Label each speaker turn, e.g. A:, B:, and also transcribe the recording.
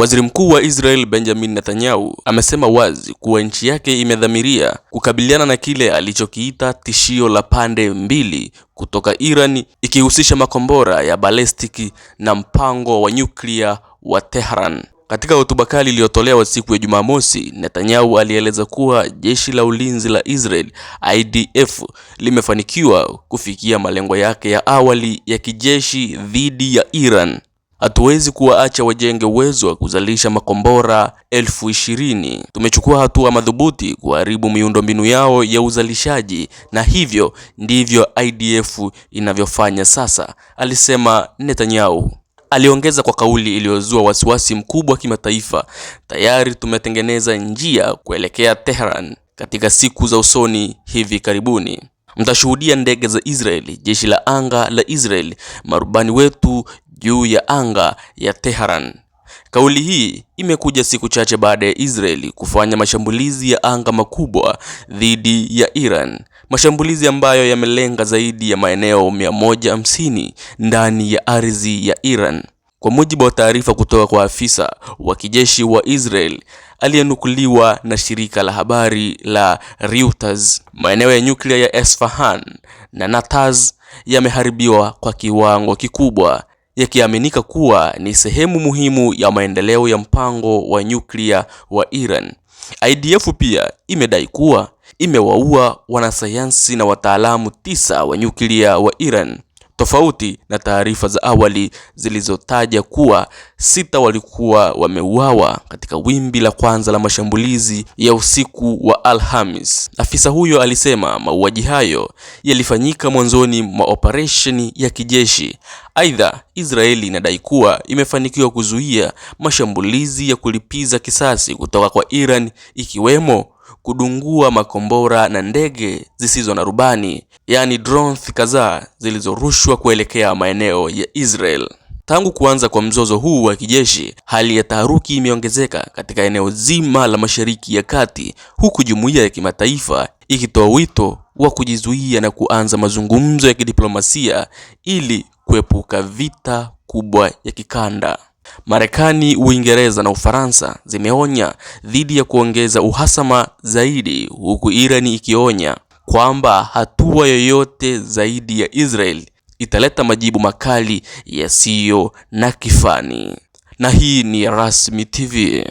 A: Waziri Mkuu wa Israel Benjamin Netanyahu amesema wazi kuwa nchi yake imedhamiria kukabiliana na kile alichokiita tishio la pande mbili kutoka Iran ikihusisha makombora ya balestiki na mpango wa nyuklia wa Tehran. Katika hotuba kali iliyotolewa siku ya Jumamosi, Netanyahu alieleza kuwa jeshi la ulinzi la Israel IDF limefanikiwa kufikia malengo yake ya awali ya kijeshi dhidi ya Iran. Hatuwezi kuwaacha wajenge uwezo wa kuzalisha makombora elfu ishirini. Tumechukua hatua madhubuti kuharibu miundombinu yao ya uzalishaji, na hivyo ndivyo IDF inavyofanya sasa, alisema Netanyahu. Aliongeza kwa kauli iliyozua wasiwasi mkubwa kimataifa, tayari tumetengeneza njia kuelekea Tehran katika siku za usoni hivi karibuni. Mtashuhudia ndege za Israeli, jeshi la anga la Israeli, marubani wetu juu ya anga ya Tehran. Kauli hii imekuja siku chache baada ya Israeli kufanya mashambulizi ya anga makubwa dhidi ya Iran, mashambulizi ambayo yamelenga zaidi ya maeneo 150 ndani ya ardhi ya Iran. Kwa mujibu wa taarifa kutoka kwa afisa wa kijeshi wa Israel aliyenukuliwa na shirika la habari la Reuters, maeneo ya nyuklia ya Esfahan na Natanz yameharibiwa kwa kiwango kikubwa, yakiaminika kuwa ni sehemu muhimu ya maendeleo ya mpango wa nyuklia wa Iran. IDF pia imedai kuwa imewaua wanasayansi na wataalamu tisa wa nyuklia wa Iran tofauti na taarifa za awali zilizotaja kuwa sita walikuwa wameuawa katika wimbi la kwanza la mashambulizi ya usiku wa Alhamis. Afisa huyo alisema mauaji hayo yalifanyika mwanzoni mwa operesheni ya kijeshi. Aidha, Israeli inadai kuwa imefanikiwa kuzuia mashambulizi ya kulipiza kisasi kutoka kwa Iran ikiwemo kudungua makombora na ndege zisizo na rubani, yaani drones kadhaa zilizorushwa kuelekea maeneo ya Israel. Tangu kuanza kwa mzozo huu wa kijeshi, hali ya taharuki imeongezeka katika eneo zima la Mashariki ya Kati, huku jumuiya ya kimataifa ikitoa wito wa kujizuia na kuanza mazungumzo ya kidiplomasia ili kuepuka vita kubwa ya kikanda. Marekani, Uingereza na Ufaransa zimeonya dhidi ya kuongeza uhasama zaidi, huku Iran ikionya kwamba hatua yoyote zaidi ya Israel italeta majibu makali yasiyo na kifani. Na hii ni Rasmi TV.